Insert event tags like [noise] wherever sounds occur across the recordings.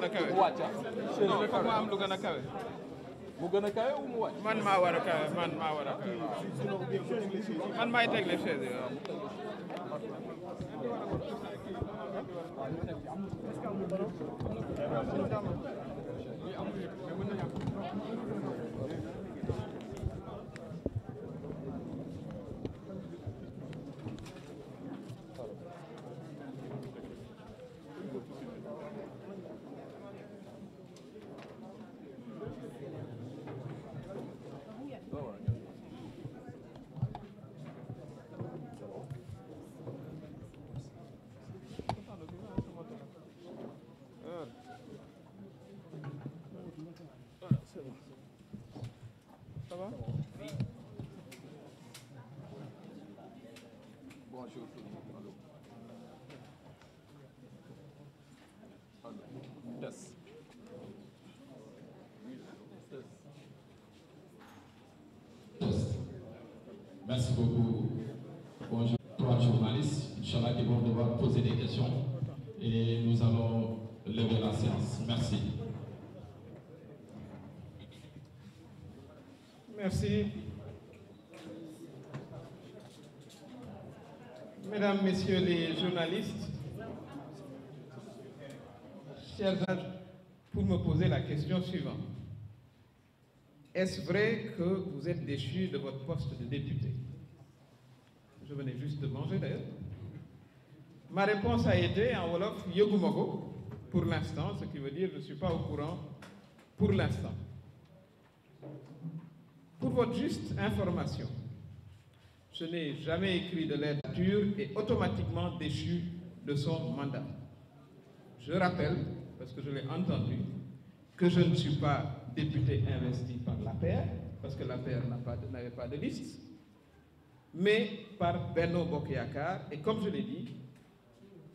gën a kawe. a kawe. a kawe ou man maa war a kawe man maa war kawe man maay tegle chaise yi Merci beaucoup. Bonjour trois journalistes. Inch'Allah qui vont devoir poser des questions et nous allons lever la séance. Merci. Merci. Mesdames, Messieurs les journalistes, chers pour me poser la question suivante. Est-ce vrai que vous êtes déchu de votre poste de député Je venais juste de manger d'ailleurs. Ma réponse a été en Wolof Yogumago, pour l'instant, ce qui veut dire je ne suis pas au courant pour l'instant. Pour votre juste information, je n'ai jamais écrit de lettre dure et automatiquement déchu de son mandat. Je rappelle, parce que je l'ai entendu, que je ne suis pas députés investis par la parce que la l'APR n'avait pas, pas de liste, mais par Beno Bokyakar. Et comme je l'ai dit,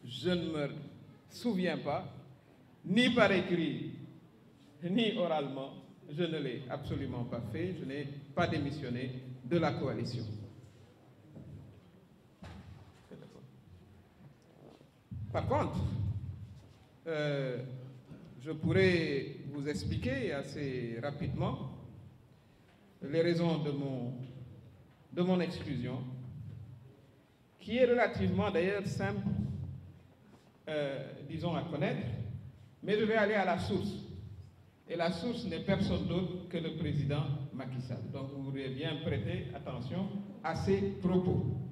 je ne souviens pas, ni par écrit, ni oralement, je ne l'ai absolument pas fait, je n'ai pas démissionné de la coalition. Par contre, euh, je pourrais vous expliquer assez rapidement les raisons de mon, de mon exclusion, qui est relativement d'ailleurs simple, euh, disons, à connaître, mais je vais aller à la source. Et la source n'est personne d'autre que le président Macky Donc vous voudrez bien prêter attention à ces propos.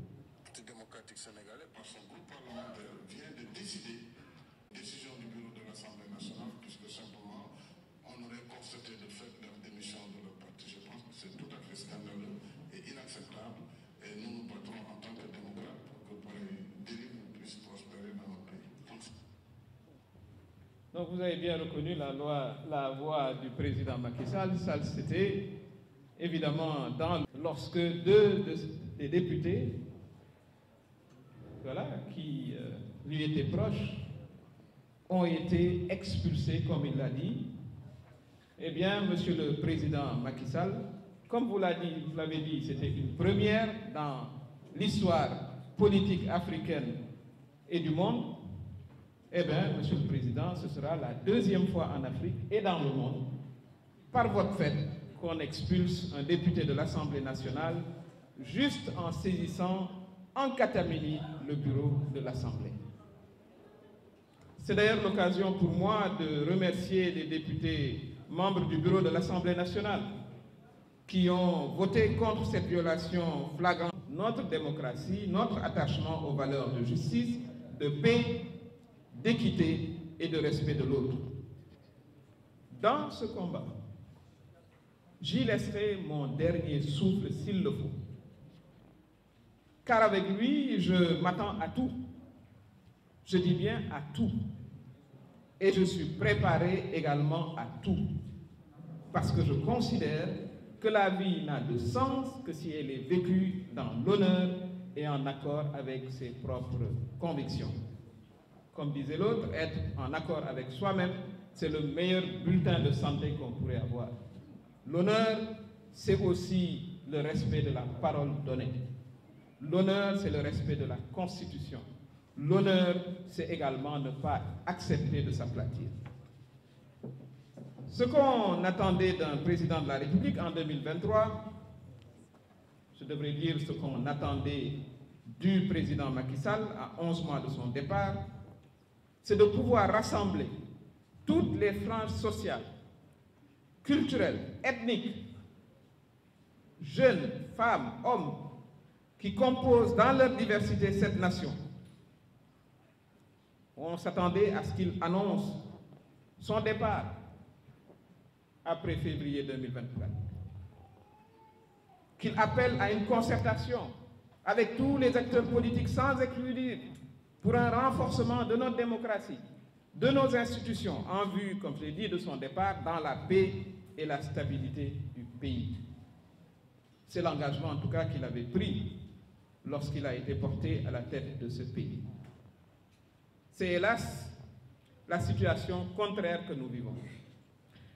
Donc vous avez bien reconnu la, voix du président Macky Sall. C'était évidemment dans, lorsque deux de, des députés voilà, qui euh, lui étaient proches ont été expulsés, comme il l'a dit. Eh monsieur le Président Macky Sall, comme vous l'avez dit, vous l'avez dit, c'était une première dans l'histoire politique africaine et du monde. Eh bien, Monsieur le Président, ce sera la deuxième fois en Afrique et dans le monde, par votre fait, qu'on expulse un député de l'Assemblée nationale juste en saisissant en catamini le bureau de l'Assemblée. C'est d'ailleurs l'occasion pour moi de remercier les députés membres du bureau de l'Assemblée nationale qui ont voté contre cette violation flagrante. Notre démocratie, notre attachement aux valeurs de justice, de paix d'équité et de respect de l'autre. Dans ce combat, j'y laisserai mon dernier souffle s'il le faut. Car avec lui, je m'attends à tout. Je dis bien à tout. Et je suis préparé également à tout. Parce que je considère que la vie n'a de sens que si elle est vécue dans l'honneur et en accord avec ses propres convictions. Comme disait l'autre, être en accord avec soi le meilleur bulletin de santé qu'on pourrait avoir. L'honneur, le respect de la parole donnée. le respect de la Constitution. L'honneur, c'est également ne pas accepter de s'aplatir. Ce qu'on attendait président de la République en 2023, je devrais dire ce qu'on attendait du président Sall à 11 de son départ, c'est de pouvoir rassembler toutes les franges sociales, culturelles, ethniques, jeunes, femmes, hommes, qui composent dans leur diversité cette nation. On s'attendait à ce qu'il annonce son départ après février 2024. Qu'il appelle à une concertation avec tous les acteurs politiques sans exclure pour un renforcement de notre démocratie, de nos institutions, en vue, comme je l'ai dit, de son départ dans la paix et la stabilité du pays. C'est l'engagement en tout cas qu'il avait pris lorsqu'il a été porté à la tête de ce pays. C'est hélas la situation contraire que nous vivons.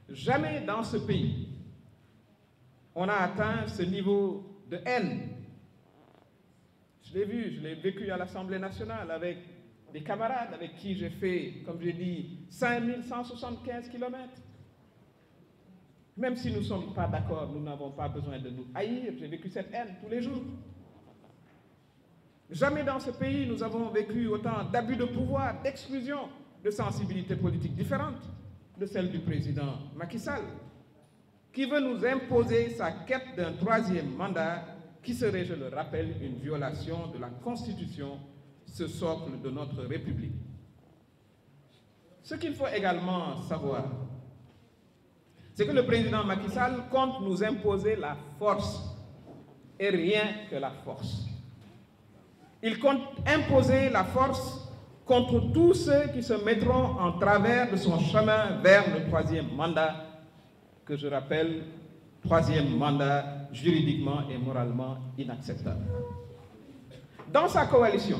Jamais dans ce pays, on a atteint ce niveau de haine l'ai vu, je l'ai vécu à l'Assemblée nationale avec des camarades avec qui j'ai fait, comme j'ai dit, 5175 kilomètres. Même si nous ne de nous haïr. J'ai vécu cette haine tous les jours. Jamais dans ce pays nous de pouvoir, d'exclusion, de de celle du président Macky Sall, qui veut nous imposer qui serait, je le rappelle, une violation de la Constitution, ce socle de notre République. Ce qu'il faut également savoir, c'est que le président Macky Sall compte nous imposer la force et rien que la force. Il compte imposer la force contre tous ceux qui se mettront en travers de son chemin vers le troisième mandat, que je rappelle, troisième mandat juridiquement et moralement inacceptable. Dans sa coalition,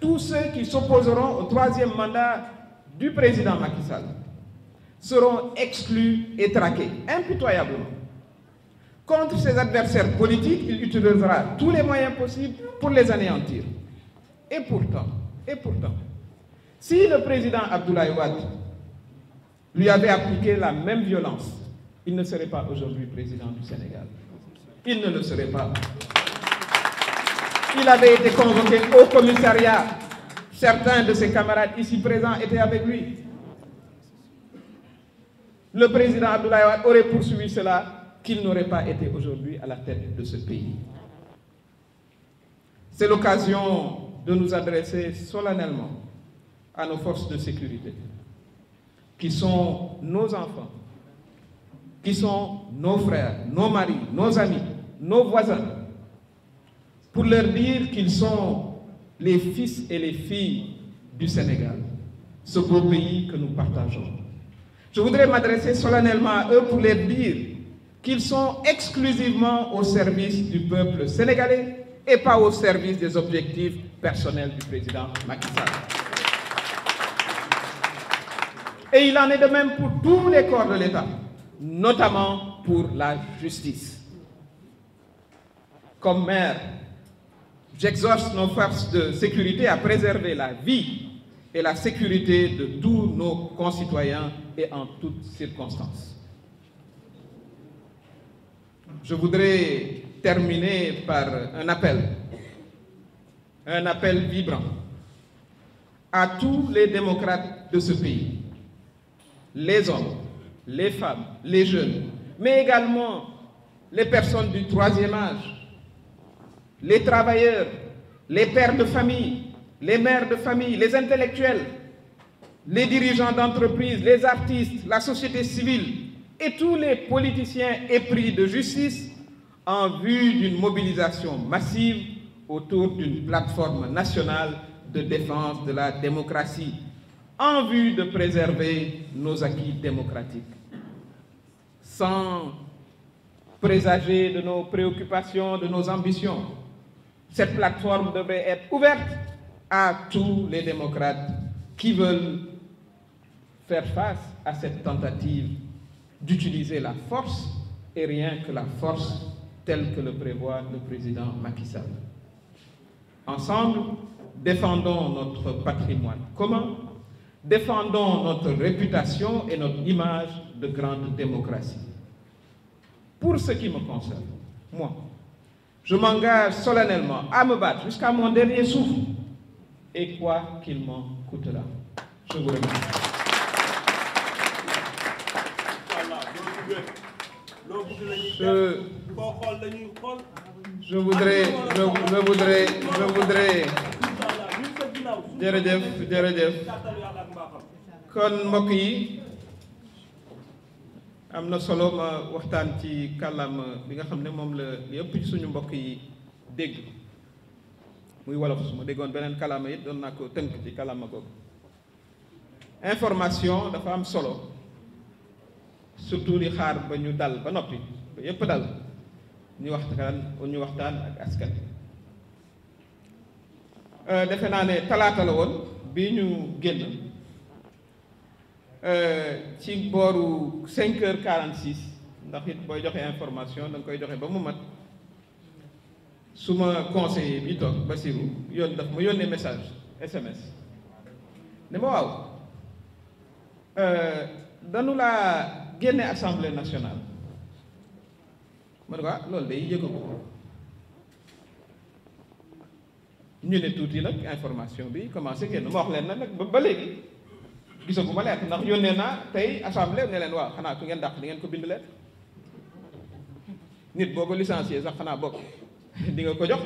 tous ceux qui s'opposeront au troisième mandat du président Macky Sall seront exclus et traqués impitoyablement. Contre ses adversaires politiques, il utilisera tous les moyens possibles pour les anéantir. Et pourtant, si le président Abdoulaye Wade lui avait appliqué la même violence il ne serait pas aujourd'hui président du Sénégal. Il ne le serait pas. Il avait été convoqué au commissariat. Certains de ses camarades ici présents étaient avec lui. Le président Abdoulaye Wade aurait poursuivi cela, qu'il n'aurait pas été aujourd'hui à la tête de ce pays. C'est l'occasion de nous adresser solennellement à nos forces de sécurité, qui sont nos enfants, qui sont nos frères, nos maris, nos amis, nos voisins, pour leur dire qu'ils sont les fils et les filles du Sénégal, ce beau pays que nous partageons. Je voudrais m'adresser solennellement à eux pour leur dire qu'ils sont exclusivement au service du peuple sénégalais et pas au service des objectifs personnels du président Macky Sall. Et il en est de même pour tous les corps de l'État. notamment pour la justice. Comme maire, j'exhorte nos forces de sécurité à préserver la vie et la sécurité de tous nos concitoyens et en toutes circonstances. Je voudrais terminer par un appel, un appel vibrant à tous les démocrates de ce pays, les hommes, les femmes, les jeunes, mais également les personnes du troisième âge, les travailleurs, les pères de famille, les mères de famille, les intellectuels, les dirigeants d'entreprise, les artistes, la société civile et tous les politiciens épris de justice en vue d'une mobilisation massive autour d'une plateforme nationale de défense de la démocratie, en vue de préserver nos acquis démocratiques. sans présager de nos préoccupations, de nos ambitions. Cette plateforme devrait être ouverte à tous les démocrates qui veulent faire face à cette tentative d'utiliser la force et rien que la force telle que le prévoit le président Macky Sall. Ensemble, défendons notre patrimoine commun, défendons notre réputation et notre image de grande démocratie. pour ce qui me concerne, moi, je m'engage solennellement à me battre jusqu'à mon dernier souffle, et quoi qu'il m'en coûtera. Je vous Je, je je, je voudrais, je voudrais, jërëjëf am na solo ma waxtaan ci kàllaama bi nga xam ne moom la yépp ci suñu mbokk yi dégg muy wolof suma déggoon beneen kàllaama it doon naa ko tënk ci kàllaama googu information dafa am solo surtout di xaar ba ñu dal ba noppi ba yëpp dal ñu waxtaan ñu waxtaan ak askan euh, defe naa ne talaata la woon bii ñu génn Euh, ci booru 5 heures 46 ndax it booy joxe information da koy joxe ba mu mat su ma conseiller bi toog Basirou yoon daf ma yónnee message SMS ne ma waaw euh, danu laa génne assemblée national ma ne ko ah loolu day yëgu ko ñu ne tuuti nag information bi commencé génn ma wax leen nag ba ba léegi. gisagu ma lettre ndax yónnee naa tey assemblée ne leen waaw xanaa ku ngeen dàq di ngeen ko bind lettre nit boo ko licencié sax xanaa bokk di nga ko jox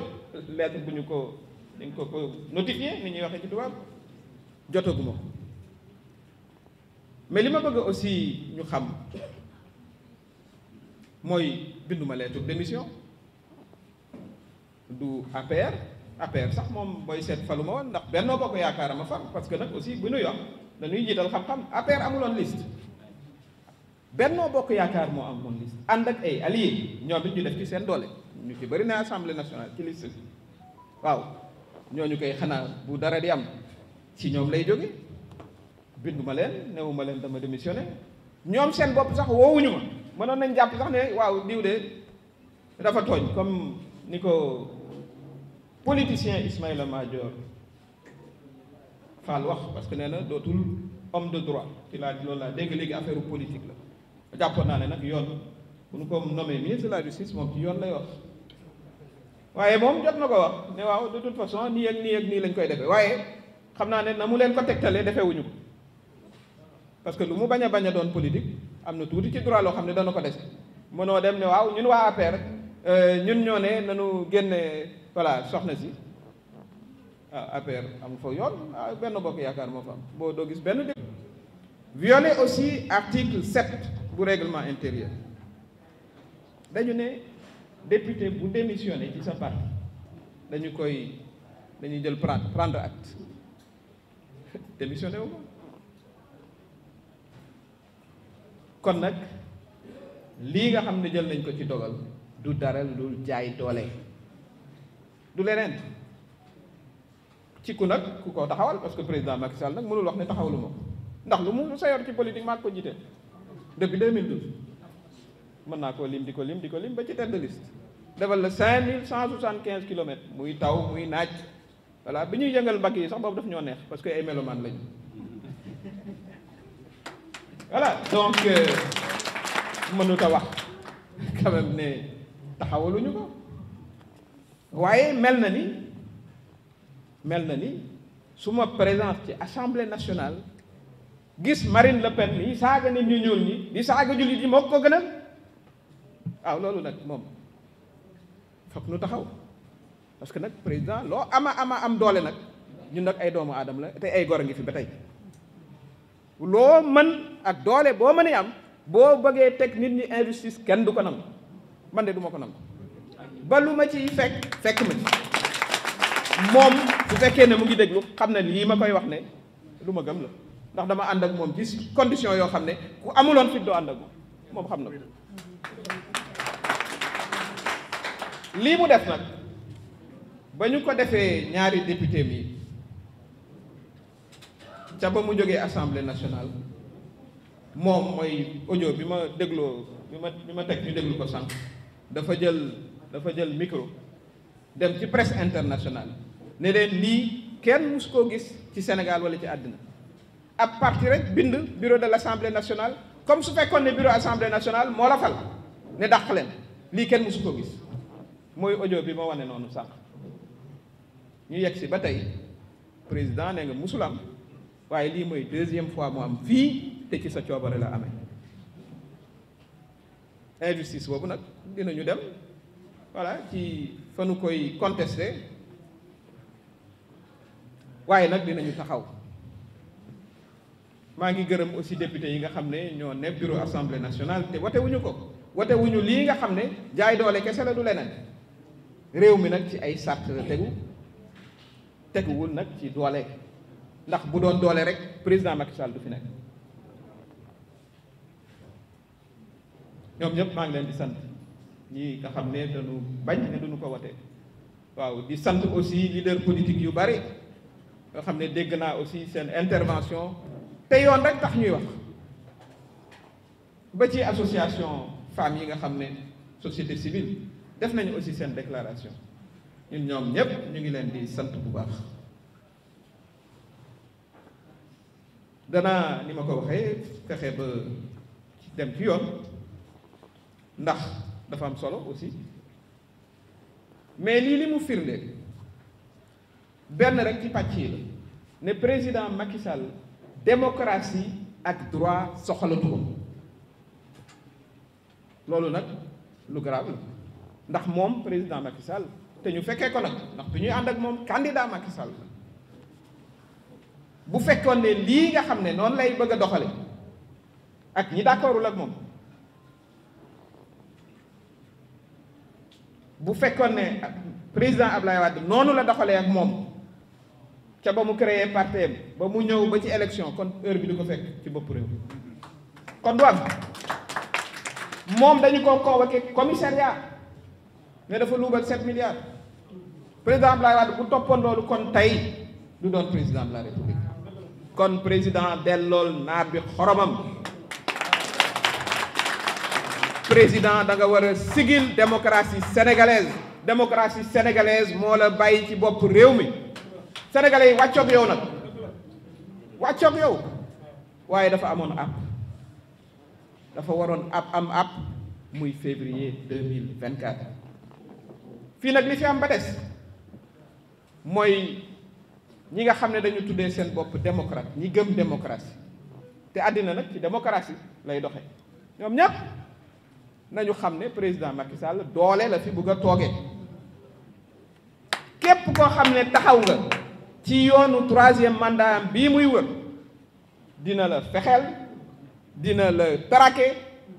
lettre bu ñu ko dañ ko ko notifié ni ñuy waxee ci tubaab jotagu ma mais li ma bëgg aussi ñu xam mooy binduma lettre démission du APR APR sax moom booy seet faluma woon ndax Benno Bokk Yaakaar ma far parce que nag aussi bu ñu wax dañuy jiital xam-xam APR amuloon liste Benno Bokk Yaakaar moo amoon liste ànd ak ay alliés ñoom it ñu def ci seen doole ñu ci bari na assemblée nationale ci liste bi waaw ñooñu koy xanaa bu dara di am ci ñoom lay jóge binduma leen newuma leen dama démissionné ñoom seen bopp sax woowuñu ma mënoon nañ jàpp sax ne waaw diw de dafa comme ni ko politicien Ismaïla Madior Fall wax parce que nee na dootul homme de droit ci laa loolu laa dégg léegi affaire politique la jàppoon naa ne nag yoon bu ñu ko nommé ministre de la justice moom ci yoon lay wax waaye moom jot na ko wax ne waaw de toute façon nii ak nii ak nii lañ koy defee waaye xam naa ne na mu leen ko tegtalee defeewuñu ko parce que lu mu bañ a bañ a doon politique am na tuuti ci droit loo xam ne dana ko dese mënoo dem ne waaw ñun waa APR euh, ñun ñoo ne nanu génne voilà soxna si APR ah, amu fa yoon ah, benn bokk yaakaar moo fa am boo doo gis benn dé violer aussi article 7 bu réglement intérieur dañu ne député bu démissionné ci sa parti dañu koy dañuy jël prendre prendre acte [laughs] démissionné wu kon nag lii nga xam ne jël nañ ko ci dogal du dara du jaay doole du leneen ci ku nag ku ko taxawal parce que président Macky Sall nag mënul wax ne taxawalu ko ndax lu mu sa yor ci politique maa ko jiite depuis 2012 mën naa koo lim di ko lim di ko lim ba ci tête de liste defal la 5175 kilomètres muy taw muy naaj voilà bi ñuy yëngal mbagg yi sax boobu daf ñoo neex parce que ay mélomane lañu voilà donc euh, mënut a wax quand même ne taxawaluñu ko waaye mel na ni. mel na ni su ma présence ci assemblée nationale gis Marine Le Pen nii saaga nit ñu ñuul ñi di saaga jullit yi moo ko gënal waaw loolu nag moom foog nu taxaw parce que nag président loo ama ama am doole nag ñun nag ay doomu aadama la tey ay gor ngi fi ba tey loo mën ak doole boo mënee am boo bëggee teg nit ñi injustice kenn du ko nangu man de duma ko nangu ba lu ma ciy fekk fekk ma ci moom su fekkee ne mu ngi déglu xam ne lii ma koy wax ne lu ma gëm la ndax dama ànd ak moom ci condition yoo xam ne ku amuloon fit doo ànd ak moom moom xam na ko lii mu def nag ba ñu ko defee ñaari député yi ca ba mu jógee assemblée nationale moom mooy audio bi ma dégloo bi ma bi ma teg ñu déglu ko sànq dafa jël dafa jël micro dem ci presse internationale ne leen lii kenn mus koo gis ci Sénégal wala ci àddina ab parti rek bind bureau de l'Assemblée nationale comme su fekkoon ne bureau assemblée nationale moo la fal ne dàq leen lii kenn su koo gis mooy audio bi ma wane noonu sànq ñu yegg si ba tey président ne nga musul am waaye lii mooy deuxième fois moo am fii te ci sa coobare la amee injustice boobu nag dinañu dem voilà ci fa koy contester waaye nag dinañu taxaw maa ngi gërëm aussi député yi nga xam ne ñoo ne bureau assemblée nationale te watewuñu ko watewuñu lii nga xam ne jaay doole kese la du leneen réew mi nag ci ay sart la tegu teguwul nag ci doole ndax bu doon doole rek président Macky Sall du fi nekk ñoom ñëpp maa ngi leen di sant ñi nga xam ne dañu bañ ne duñu ko watee waaw di sant aussi leader politique yu bari nga xam ne dégg naa aussi seen intervention te yoon rek tax ñuy wax ba ci association femmes yi nga xam ne société civile def nañu aussi seen déclaration ñun ñoom ñépp ñu ngi leen di sant bu baax danaa ni ma ko waxee fexe ba dem ci yoon ndax dafa am solo aussi mais lii li mu firnde benn rek ci pàcc yi la ne président Macky Sall démocratie ak droit soxalatu ko loolu nag lu grave la ndax moom président makisal te ñu fekkee ko nag ndax bi ñuy ànd ak moom candidat Macky Sall bu fekkoon ne lii nga xam ne noonu lay bëgg a doxale ak ñi d'accordul ak moom bu fekkoon ne ak président Ablaye Wade noonu la doxalee ak moom ca ba mu créé partem ba mu ñëw ba ci élection kon heure bi du ko fekk ci bopp réew kon du am moom dañu ko convoqué commissariat ne dafa luubal 7 milliards président Abdoulaye Wade bu toppoon loolu kon tey du doon président de la république kon président dellool naar bi xoromam président da nga war a sigil démocratie sénégalaise démocratie sénégalaise moo la bàyyi ci bopp réew mi sénégalais yi wàccoog yow nag wàccoog yow waaye dafa amoon app dafa waroon app am app muy février deux mille fii nag li fi am ba des mooy ñi nga xam ne dañu tuddee seen bopp démocrate ñi gëm démocratie te àddina nag ci démocratie lay doxe ñoom ñépp nañu xam ne président Macky Sall doole la fi bëgg a toogee képp koo xam ne taxaw nga ci yoonu troisième mandat am bii muy wër dina la fexeel dina la traqué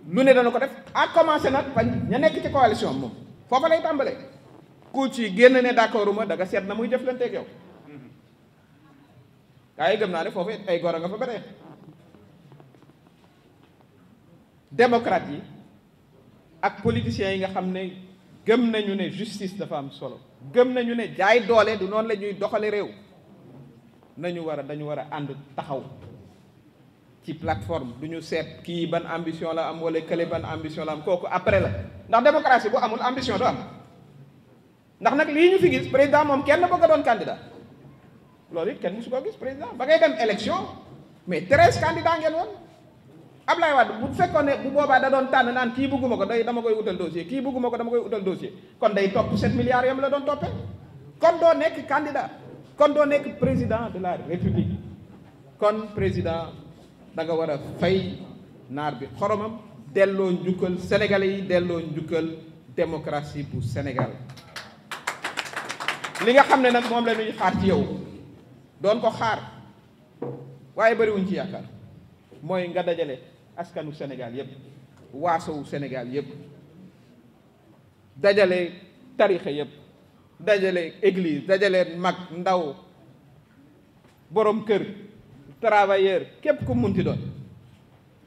lu ne dana ko def a commencé nag ba ñu nekk ci coalition moom foofa lay tàmbalee ku ci génn ne d'accord ma da nga seet na muy jëflanteeg yow gaa yi gëm naa ne foofu ay goro a nga fa bare démocrate yi ak politiciens yi nga xam ne gëm nañu ne justice dafa am solo gëm nañu ne jaay doole du noonu la ñuy doxale réew nañu war a dañu war a ànd taxaw ci plateforme du seet kii ban ambition la am wala kële ban ambition la am kooku après la ndax démocratie bu amul ambition du ndax nag lii ñu fi gis président moom kenn bëgg a doon candidat loolu yi kenn su ko gis président ba ngay dem élection mais treize candidats ngeen woon Ablaye Wade bu fekkoon ne bu boobaa da doon tànn naan kii bëgguma ko day dama koy utal dossier kii bëgguma ko dama koy utal dossier kon day topp yam la doon toppee kon doo nekk candidat kon doo nekk président de la république kon président da nga war a fay naar bi xoromam delloo njukkal sénégalais yi delloo njukkal démocratie bu Sénégal li nga xam ne nag moom la ñuy xaar ci yow doon ko xaar waaye bëriwuñ ci yaakaar mooy nga dajale askanu Sénégal yépp waasowu Sénégal yépp dajale tarixa yépp dajale église dajale mag ndaw borom kër travailleur képp ku munti doon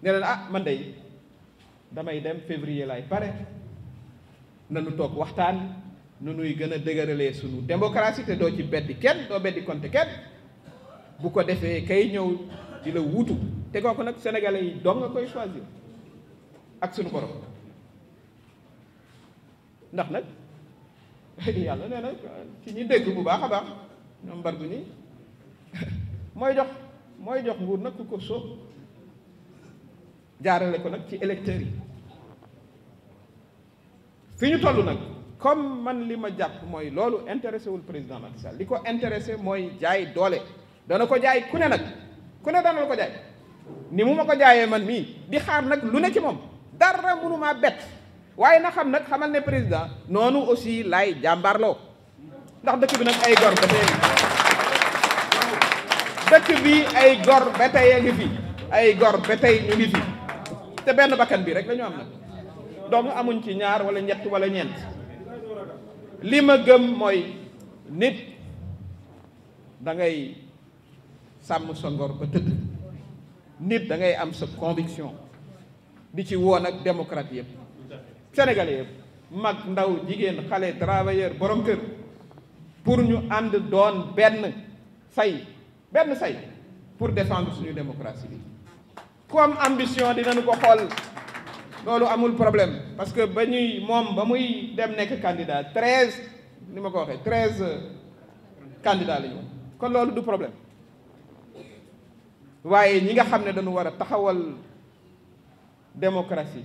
ne leen ah man day damay dem février laay pare nanu toog waxtaan nu nuy gën a dëgëralee sunu démocratie te doo ci beddi kenn doo beddi compte kenn bu ko defee kay ñëw di la wuutu te kooku nag sénégalais yi dong nga koy choisir ak sunu borom ndax nag [laughs] yàlla nee na ci ñi dégg bu baax a baax ñoom mbar gu nii [laughs] mooy jox mooy jox nguur nag ku ko soob jaarale ko nag ci électeurs yi fi ñu toll nag comme man li ma jàpp mooy loolu intéressé wul président Macky Sall li ko intéressé mooy jaay doole dana ko jaay ku ne nag ku ne dana la ko jaay ni mu ma ko jaayee man mii di xaar nag lu ne ci moom dara mënumaa bett waaye na xam nag xamal ne président noonu aussi laay jàmbaarloo ndax dëkk bi nag ay gor ba tey bi ay gor a ngi fi ay gor ba tey ñu ngi fi te benn bakkan bi rek la am nag donc amuñ ci ñaar wala ñett wala ñeent li ma gëm mooy nit da ngay sàmm sa ngor ba tëdd nit da am sa conviction di ci woon ak démocrate yëpp sénégalais yëpp mag ndaw jigéen xale travailleur borom kër pour ñu ànd doon benn say benn say pour défendre suñu démocratie bi ku am dina dinañu ko xool loolu amul problème parce que ba ñuy moom ba muy dem nekk candidat treize ni ma ko waxee treize euh, candidats la kon loolu du problème waaye ñi nga xam ne dañu war a taxawal démocratie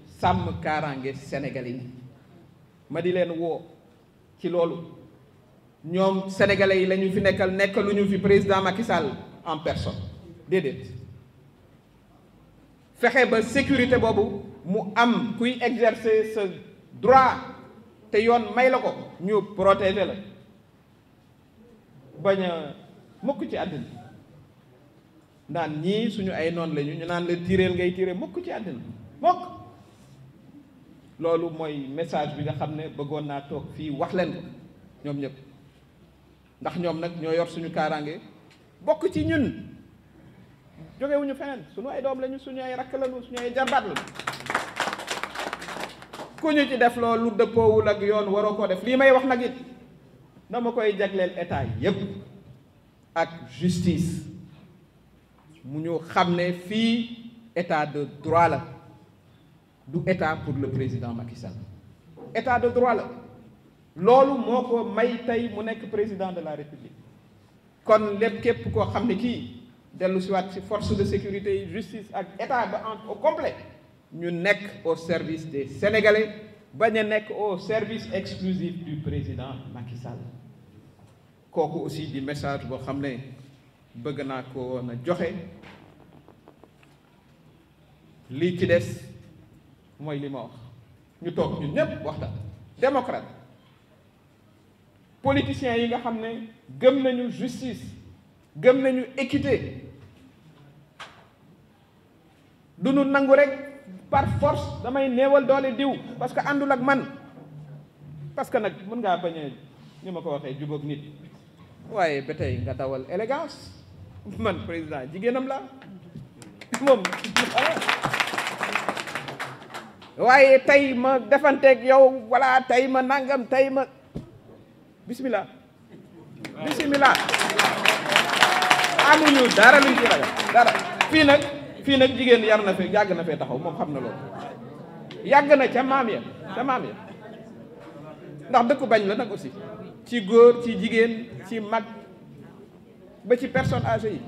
sàmm kaaraange Sénégal yi ma di leen woo ci loolu ñoom sénégalais yi lañu ñu fi nekkal nekkaluñu fi président Macky Sall en personne déedéet fexe ba sécurité boobu mu am kuy exercer sa droit te yoon may la ko ñu protéger la bañ a mukk ci àddina naan ñii suñu ay noon lañu ñu naan la tiréel ngay tiré mukk ci àddina mukk loolu mooy message bi nga xam ne bëggoon naa toog fii wax leen ko ñoom ñëpp ndax ñoom nag ñoo yor suñu kaaraange bokk ci ñun jógewuñu feneen suñu ay doom lañu suñu ay rakk lañu suñu ay jarbaat lañu ku ñu ci def loolu dëppoowul ak yoon waroo koo def lii may wax nag it dama koy jagleel état yépp ak justice mu ñu xam ne fii état de droit la du état pour le président Macky Sall état de droit la loolu moo ko may tey mu nekk président de la république kon lépp képp koo xam ne kii dellu si waat si force de sécurité justice ak état ba en au complet ñu nekk au service des sénégalais bañ a nekk au service exclusif du président Macky kooku aussi di message boo xam ne bëgg naa ko woon joxe lii ci des mooy li ma wax ñu toog ñun ñépp waxtaan démocrate politiciens yi nga xam ne gëm nañu justice gëm nañu équité du ñu nangu rek par force damay néewal doole diw parce que àndul ak man parce que nag mën ngaa bañ a ma ko waxee jubóog nit waaye ba tey nga dawal élégance man président jigéenam la moom waaye tey ma defanteeg yow wala tey ma nangam tey ma bismillah bismillah amuñu dara luñ ci ragal dara fii nag fii nag jigéen yar na fi yàgg na fee taxaw moom xam na loolu yàgg na ca maam ya ca maam ya ndax dëkku bañ la nag aussi ci góor ci jigéen ci mag ba ci personne âgée yi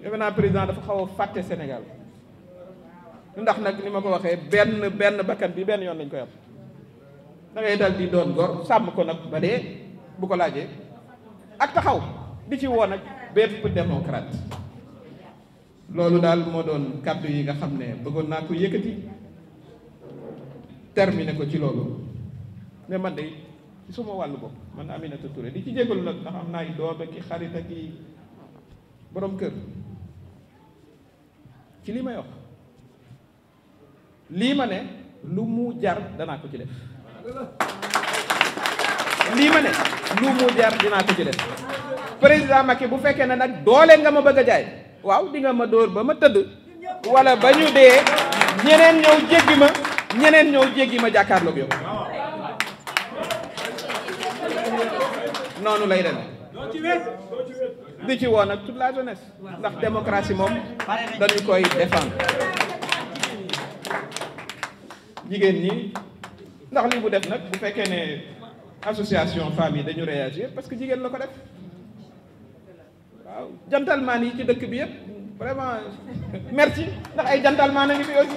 defe naa président dafa xaw a fàtte Sénégal ndax nag ni ma ko waxee benn benn bakkan bi benn yoon lañ koy am da ngay di doon gor sàmm ko nag ba dee bu ko laajee ak taxaw di ci woon ak bépp démocrate loolu daal moo doon kàddu yi nga xam ne bëggoon naa ko yëkkati terminé ko ci loolu mais man de ci suma wàllu bopp man Aminata Touré di ci jégalu nag ndax am naa ay doom ak i xarit ak i borom kër ci li may wax lii ma ne lu mu jar danaa ko ci def lii ma ne lu mu jar dinaa ko ci def président Macky bu fekkee ne nag doole nga ma bëgg a jaay waaw di nga ma dóor ba ma tëdd wala ba ñu dee ñeneen ñëw jéggi ma ñeneen ñëw jéggi ma jàkkaarloog yow noonu lay demee di ci woon ak toute la jeunesse ndax démocratie moom dañu koy défendre jigéen ñi ndax li mu def nag bu fekkee ne association femmes yi dañu réagir parce que jigéen la ko def waaw gentleman yi ci dëkk bi yëpp vraiment merci ndax ay gentleman a ngi fi aussi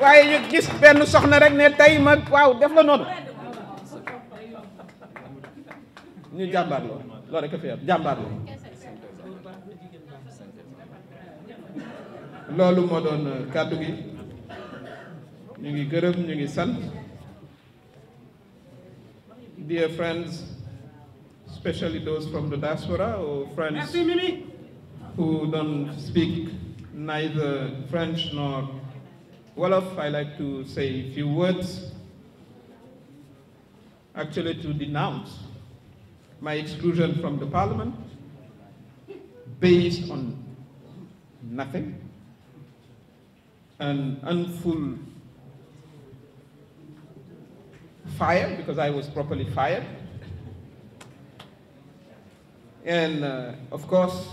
waaye ñu gis benn soxna rek ne tey ma waaw def la noonu ñu jàmbaar loo loolu loolu moo doon kàddu gi ñu ngi gërëm ñu ngi sant dear friends especially those from the diaspora or friends who don't speak neither French nor Wolof I like to say a few words actually to denounce my exclusion from the parliament based on nothing an unfull fired because I was properly fired. And uh, of course,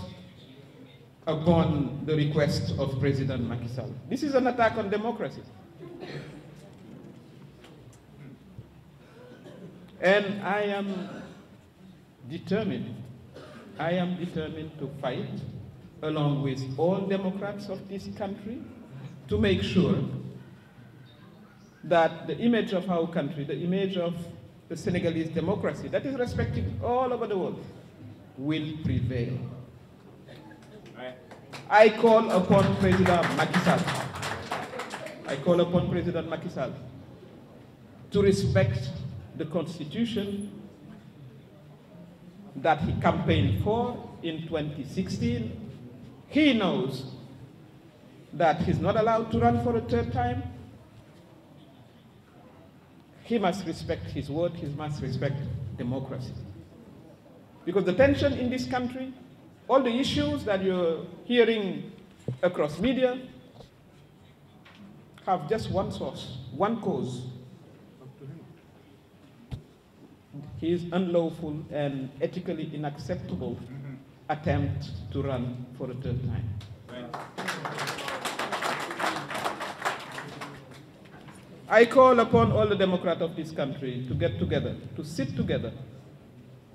upon the request of President Macky Sall. This is an attack on democracy. And I am determined, I am determined to fight along with all Democrats of this country to make sure that the image of our country, the image of the Senegalese democracy that is respected all over the world will prevail. I call upon President Macky to respect the constitution that he campaigned for in He knows that he's not allowed to run for a third time he must respect his word, he must respect democracy. Because the tension in this country, all the issues that you're hearing across media, have just one source, one cause. His unlawful and ethically unacceptable mm-hmm. attempt to run for a third time. I call upon all the Democrats of this country to get together, to sit together,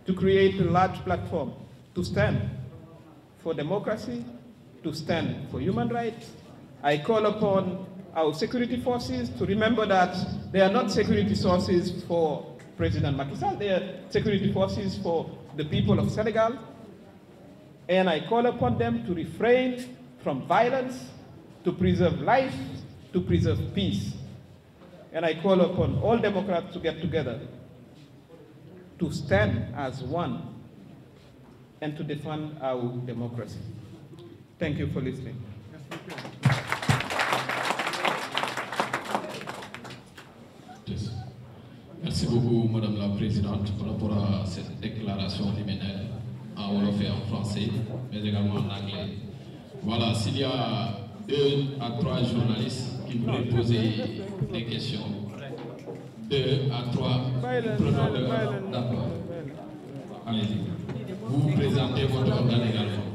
to create a large platform, to stand for democracy, to stand for human rights. I call upon our security forces to remember that they are not security forces for President Macky Sall, they are security forces for the people of Senegal. And I call upon them to refrain from violence, to preserve life, to preserve peace. And I call upon all Democrats to get together, to stand as one, and to defend our democracy. Thank you for listening. Yes. Merci beaucoup, Madame la Présidente, par rapport à cette déclaration liminaire en wolof et en français, mais également en anglais. Voilà, s'il y a deux à trois journalistes qui voulaient poser des questions, deux à trois, prenons le d'abord. Allez-y. Vous présentez votre organe également.